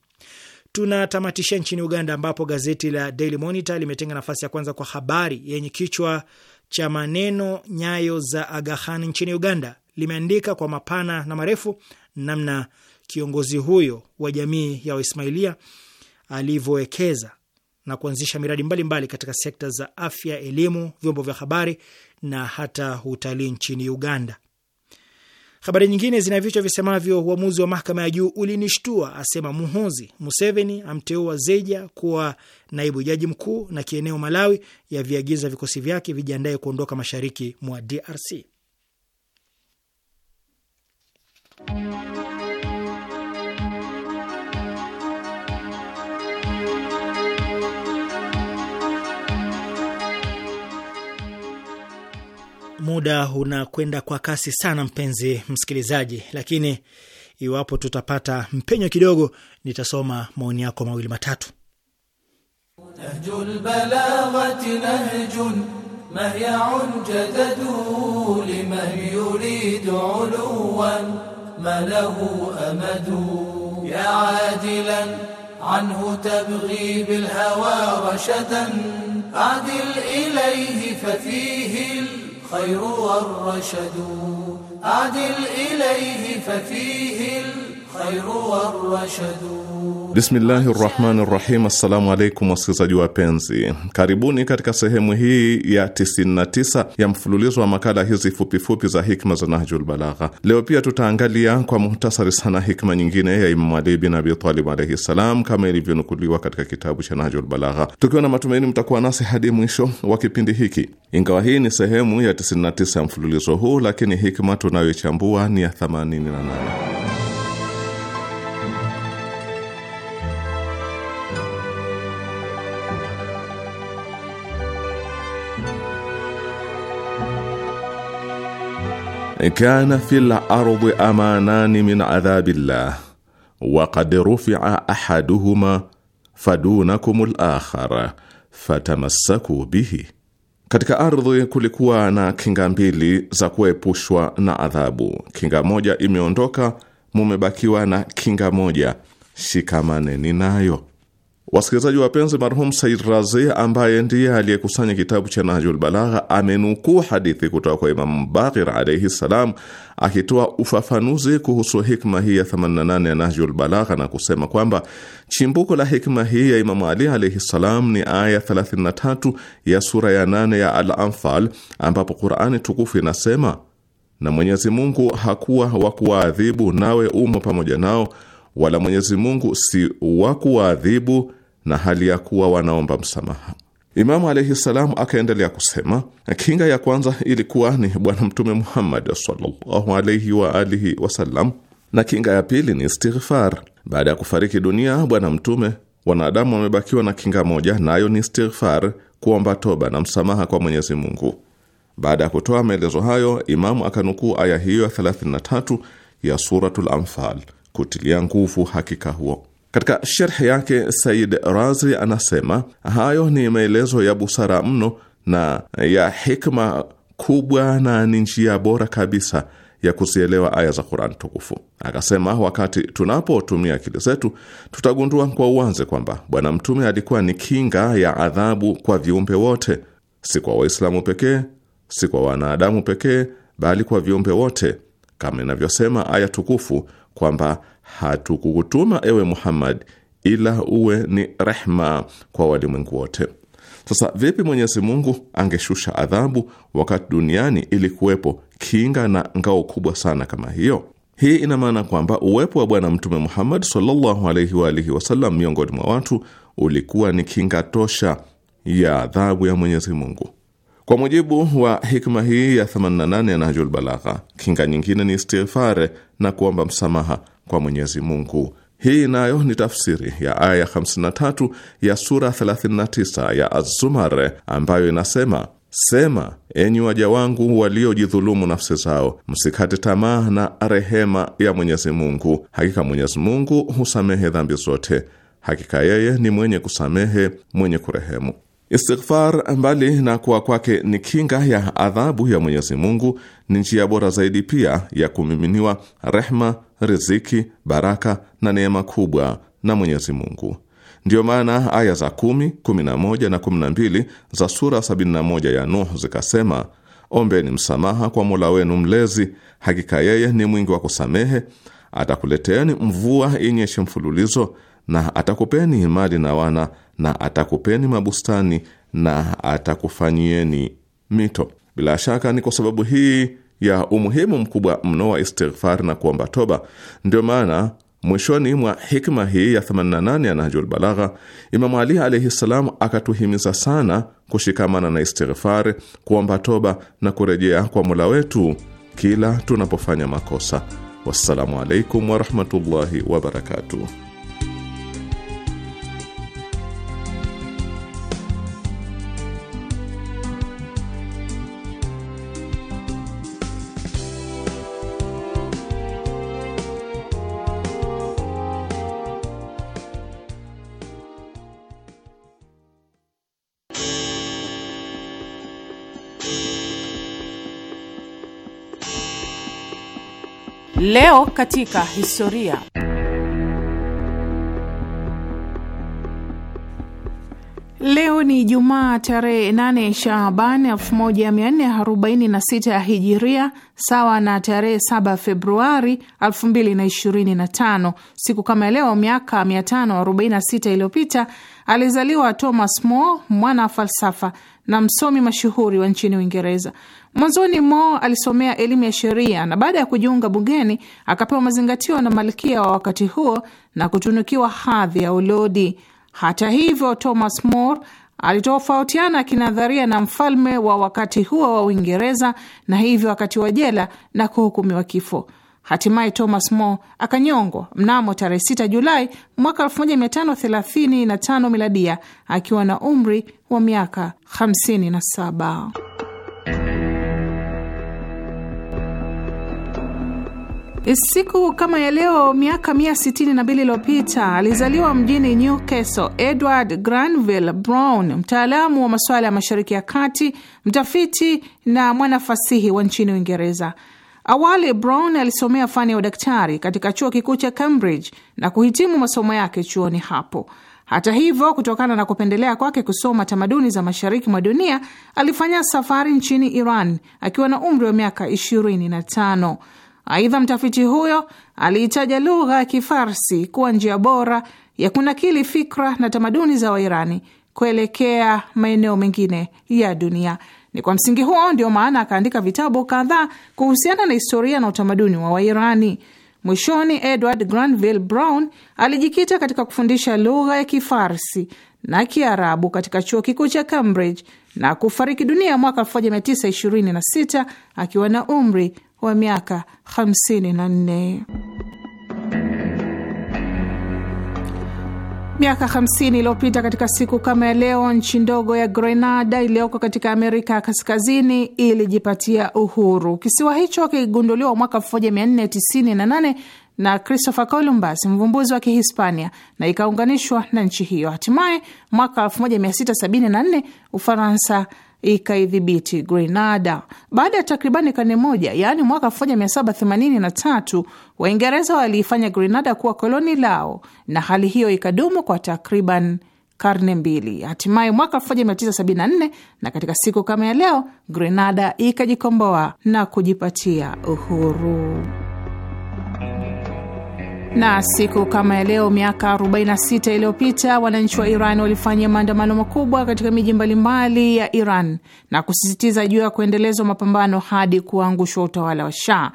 tunatamatishia nchini Uganda, ambapo gazeti la Daily Monitor limetenga nafasi ya kwanza kwa habari yenye kichwa cha maneno nyayo za agahan nchini Uganda. Limeandika kwa mapana na marefu namna kiongozi huyo wa jamii ya Waismailia alivyowekeza na kuanzisha miradi mbalimbali mbali katika sekta za afya, elimu, vyombo vya habari na hata utalii nchini Uganda. Habari nyingine zina vichwa visemavyo: uamuzi wa mahakama ya juu ulinishtua, asema Muhozi; Museveni amteua Zeja kuwa naibu jaji mkuu; na kieneo, Malawi yaviagiza vikosi vyake vijiandaye kuondoka mashariki mwa DRC. Muda unakwenda kwa kasi sana, mpenzi msikilizaji, lakini iwapo tutapata mpenyo kidogo, nitasoma maoni yako mawili matatu. anhu tabghi bilhawa rashadan adil ilayhi fafihi الخير والرشد أعدل إليه ففيه الخير Bismillahi rahmani rahim. Assalamu alaikum wasikilizaji wapenzi, karibuni katika sehemu hii ya 99 ya mfululizo wa makala hizi fupifupi za hikma za Nahjul Balagha. Leo pia tutaangalia kwa muhtasari sana hikma nyingine ya Imamu Ali bin Abi Talib alaihi ssalam, kama ilivyonukuliwa katika kitabu cha Nahjul Balagha, tukiwa na matumaini mtakuwa nasi hadi mwisho wa kipindi hiki. Ingawa hii ni sehemu ya 99 ya mfululizo huu, lakini hikma tunayoichambua ni ya 88. kana fil ardi amanani min adhabillah wa qad rufi'a ahaduhuma fadunakum al-akhar fatamassaku bihi, katika ardhi kulikuwa na kinga mbili za kuepushwa na adhabu. Kinga moja imeondoka, mumebakiwa na kinga moja, shikamaneni nayo. Wasikilizaji wapenzi, marhum Said Razi ambaye ndiye aliyekusanya kitabu cha Nahjul Balagha amenukuu hadithi kutoka kwa Imamu Bakir alaihi ssalam akitoa ufafanuzi kuhusu hikma hii ya 88 ya Nahjul Balagha na kusema kwamba chimbuko la hikma hii ya Imamu Ali alaihi ssalam ni aya 33 ya sura ya 8 ya Al-Anfal ambapo Qurani tukufu inasema, na Mwenyezi Mungu hakuwa wa kuwaadhibu nawe umo pamoja nao, wala Mwenyezi Mungu si wa kuwaadhibu na hali ya kuwa wanaomba msamaha. Imamu alaihi salamu akaendelea kusema, kinga ya kwanza ilikuwa ni Bwana Mtume Muhammad sallallahu alaihi wa alihi wasallam, na kinga ya pili ni istighfar. Baada ya kufariki dunia Bwana Mtume, wanadamu wamebakiwa na kinga moja, nayo na ni istighfar, kuomba toba na msamaha kwa Mwenyezi Mungu. Baada ya kutoa maelezo hayo, Imamu akanukuu aya hiyo ya 33 ya Suratul Anfal kutilia nguvu hakika huo katika sherhi yake Said Razi anasema hayo ni maelezo ya busara mno na ya hikma kubwa na ni njia bora kabisa ya kuzielewa aya za Qur'an tukufu. Akasema wakati tunapotumia akili zetu tutagundua kwa uwanze kwamba Bwana Mtume alikuwa ni kinga ya adhabu kwa viumbe wote, si kwa Waislamu pekee, si kwa wanadamu pekee, bali kwa viumbe wote, kama inavyosema aya tukufu kwamba hatukukutuma ewe Muhammad ila uwe ni rehma kwa walimwengu wote. Sasa vipi Mwenyezi Mungu angeshusha adhabu wakati duniani ili kuwepo kinga na ngao kubwa sana kama hiyo? Hii ina maana kwamba uwepo wa Bwana Mtume Muhammad sallallahu alaihi wa alihi wasallam miongoni mwa watu ulikuwa ni kinga tosha ya adhabu ya Mwenyezi Mungu. Kwa mujibu wa hikma hii ya 88 ya Nahjul Balagha, kinga nyingine ni istighfare na kuomba msamaha kwa Mwenyezi Mungu. Hii nayo ni tafsiri ya aya 53 ya sura 39 ya Az-Zumar ambayo inasema: Sema, enyi waja wangu waliojidhulumu nafsi zao, msikate tamaa na rehema ya Mwenyezi Mungu. Hakika Mwenyezi Mungu husamehe dhambi zote, hakika yeye ni mwenye kusamehe, mwenye kurehemu. Istighfar, mbali na kuwa kwake ni kinga ya adhabu ya Mwenyezi Mungu, ni njia bora zaidi pia ya kumiminiwa rehma, riziki, baraka na neema kubwa na Mwenyezi Mungu. Ndiyo maana aya za kumi, kumi na moja na mbili za sura 71 moja ya Nuh zikasema: ombeni msamaha kwa Mola wenu Mlezi, hakika yeye ni mwingi wa kusamehe, atakuleteeni mvua inyeshe mfululizo na atakupeni mali na wana na atakupeni mabustani na atakufanyieni mito. Bila shaka ni kwa sababu hii ya umuhimu mkubwa mno wa istighfar na kuomba toba, ndio maana mwishoni mwa hikma hii ya 88 ya Nahjul Balagha, Imamu Ali alaihi ssalam akatuhimiza sana kushikamana na istighfar, kuomba toba na kurejea kwa mola wetu kila tunapofanya makosa. Wassalamu alaikum warahmatullahi wabarakatuh. Leo katika historia. Leo ni Jumaa tarehe 8 Shaaban 1446 ya Hijiria, sawa na tarehe 7 Februari 2025. Siku kama leo miaka 546 iliyopita alizaliwa Thomas More, mwana falsafa na msomi mashuhuri wa nchini Uingereza. Mwanzoni Mo alisomea elimu ya sheria na baada ya kujiunga bungeni akapewa mazingatio na malkia wa wakati huo na kutunukiwa hadhi ya ulodi. Hata hivyo, Thomas More alitofautiana kinadharia na mfalme wa wakati huo wa Uingereza na hivyo akatiwa jela na kuhukumiwa kifo. Hatimaye Thomas More akanyongwa mnamo tarehe 6 Julai mwaka 1535 miladia akiwa na umri wa miaka 57. Siku kama ya leo miaka 162 iliyopita alizaliwa mjini Newcastle Edward Granville Brown, mtaalamu wa masuala ya Mashariki ya Kati, mtafiti na mwanafasihi wa nchini Uingereza. Awali Brown alisomea fani ya udaktari katika chuo kikuu cha Cambridge na kuhitimu masomo yake chuoni hapo. Hata hivyo, kutokana na kupendelea kwake kusoma tamaduni za mashariki mwa dunia, alifanya safari nchini Iran akiwa na umri wa miaka 25. Aidha, mtafiti huyo aliitaja lugha ya Kifarsi kuwa njia bora ya kunakili fikra na tamaduni za Wairani kuelekea maeneo mengine ya dunia. Ni kwa msingi huo ndio maana akaandika vitabu kadhaa kuhusiana na historia na utamaduni wa Wairani. Mwishoni, Edward Granville Brown alijikita katika kufundisha lugha ya Kifarsi na Kiarabu katika chuo kikuu cha Cambridge na kufariki dunia mwaka 1926 akiwa na umri wa miaka 54. Miaka 50 iliyopita katika siku kama ya leo, nchi ndogo ya Grenada iliyoko katika Amerika ya Kaskazini ilijipatia uhuru. Kisiwa hicho kiligunduliwa mwaka 1498 na Christopher Columbus, mvumbuzi wa Kihispania, na ikaunganishwa na nchi hiyo. Hatimaye mwaka 1674 Ufaransa ikaidhibiti Grenada. Baada ya takribani karne moja, yaani mwaka 1783, Waingereza waliifanya Grenada kuwa koloni lao na hali hiyo ikadumu kwa takriban karne mbili. Hatimaye mwaka 1974 na katika siku kama ya leo, Grenada ikajikomboa na kujipatia uhuru. Na siku kama ya leo miaka 46 iliyopita wananchi wa Iran walifanya maandamano makubwa katika miji mbalimbali ya Iran na kusisitiza juu ya kuendelezwa mapambano hadi kuangushwa utawala wa Shah.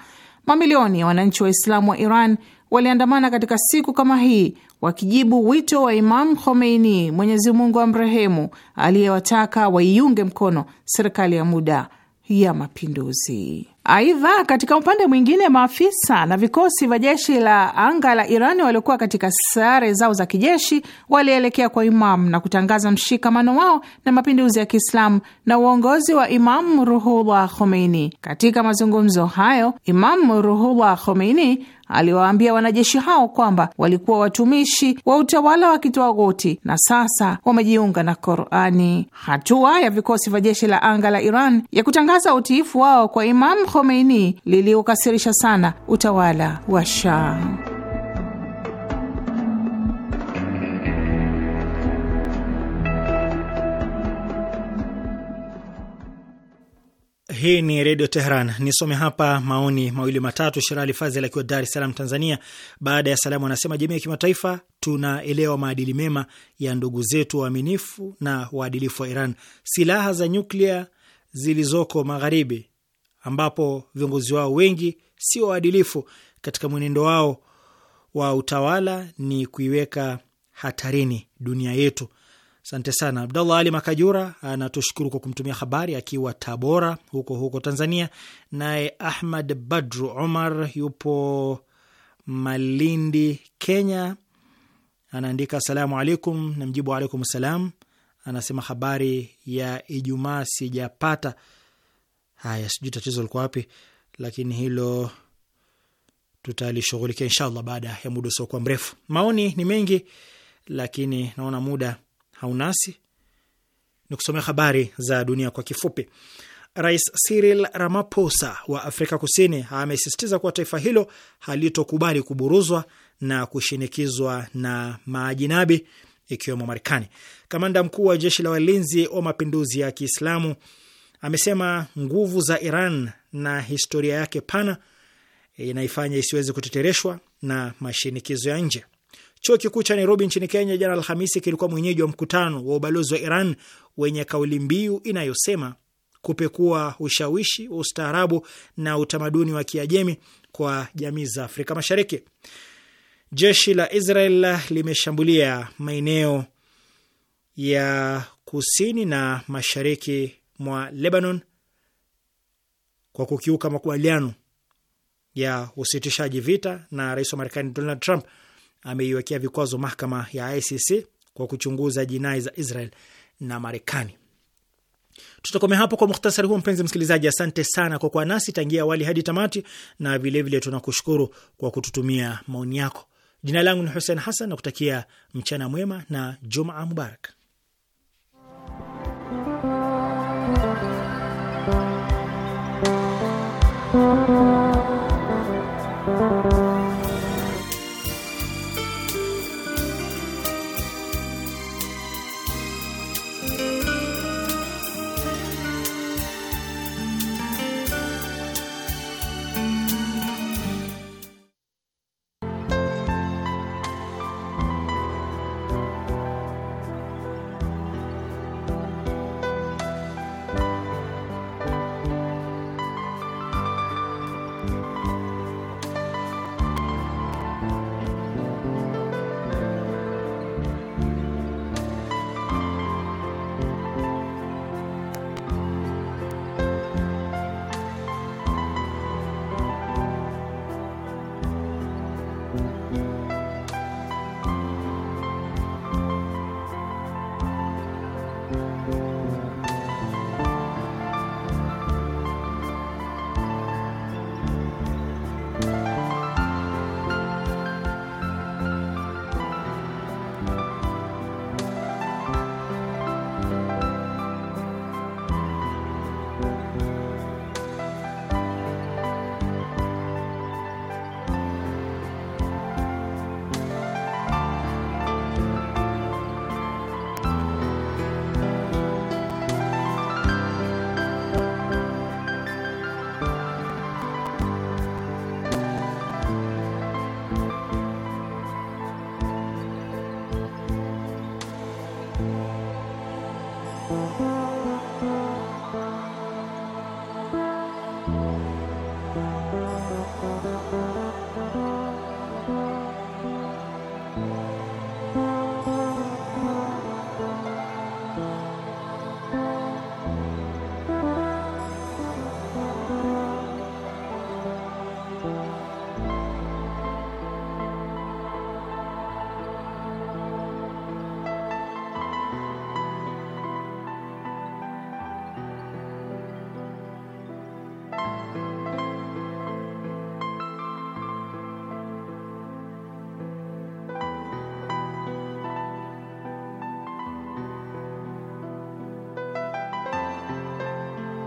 Mamilioni ya wananchi Waislamu wa Iran waliandamana katika siku kama hii wakijibu wito wa Imam Khomeini, Mwenyezi Mungu amrehemu, aliyewataka waiunge mkono serikali ya muda ya mapinduzi. Aidha, katika upande mwingine, maafisa na vikosi vya jeshi la anga la Irani waliokuwa katika sare zao za kijeshi walielekea kwa Imamu na kutangaza mshikamano wao na mapinduzi ya Kiislamu na uongozi wa Imamu Ruhullah Khomeini. Katika mazungumzo hayo, Imam Ruhullah Khomeini aliwaambia wanajeshi hao kwamba walikuwa watumishi wa utawala wakitoa goti na sasa wamejiunga na Korani. Hatua ya vikosi vya jeshi la anga la Iran ya kutangaza utiifu wao kwa Imam Khomeini liliokasirisha sana utawala wa Shah. Hii ni Redio Tehran. Nisome hapa maoni mawili matatu. Sherali Fazel akiwa Dar es Salaam, Tanzania, baada ya salamu anasema, jamii ya kimataifa, tunaelewa maadili mema ya ndugu zetu waaminifu na waadilifu wa Iran. Silaha za nyuklia zilizoko magharibi, ambapo viongozi wao wengi sio waadilifu katika mwenendo wao wa utawala, ni kuiweka hatarini dunia yetu. Asante sana Abdallah Ali Makajura anatushukuru kwa kumtumia habari akiwa Tabora huko huko Tanzania. Naye Ahmad Badru Omar yupo Malindi, Kenya, anaandika asalamu alaikum, na mjibu waalaikum salam. Anasema habari ya Ijumaa sijapata. Haya, sijui tatizo liko wapi, lakini hilo tutalishughulikia inshallah baada ya muda usiokuwa mrefu. Maoni ni mengi, lakini naona muda haunasi ni kusomea habari za dunia kwa kifupi. Rais Cyril Ramaphosa wa Afrika Kusini amesisitiza kuwa taifa hilo halitokubali kuburuzwa na kushinikizwa na maajinabi ikiwemo Marekani. Kamanda mkuu wa jeshi la walinzi wa mapinduzi ya Kiislamu amesema nguvu za Iran na historia yake pana inaifanya isiwezi kutetereshwa na mashinikizo ya nje. Chuo kikuu cha Nairobi nchini Kenya jana Alhamisi kilikuwa mwenyeji wa mkutano wa ubalozi wa Iran wenye kauli mbiu inayosema kupekua ushawishi wa ustaarabu na utamaduni wa Kiajemi kwa jamii za Afrika Mashariki. Jeshi la Israel limeshambulia maeneo ya kusini na mashariki mwa Lebanon kwa kukiuka makubaliano ya usitishaji vita na rais wa Marekani Donald Trump ameiwekea vikwazo mahakama ya ICC kwa kuchunguza jinai za Israel na Marekani. Tutakomea hapo kwa muhtasari huo mpenzi msikilizaji. Asante sana kwa kuwa nasi tangia awali hadi tamati, na vilevile tunakushukuru kwa kututumia maoni yako. Jina langu ni Hussein Hassan na kutakia mchana mwema na Jumaa Mubarak.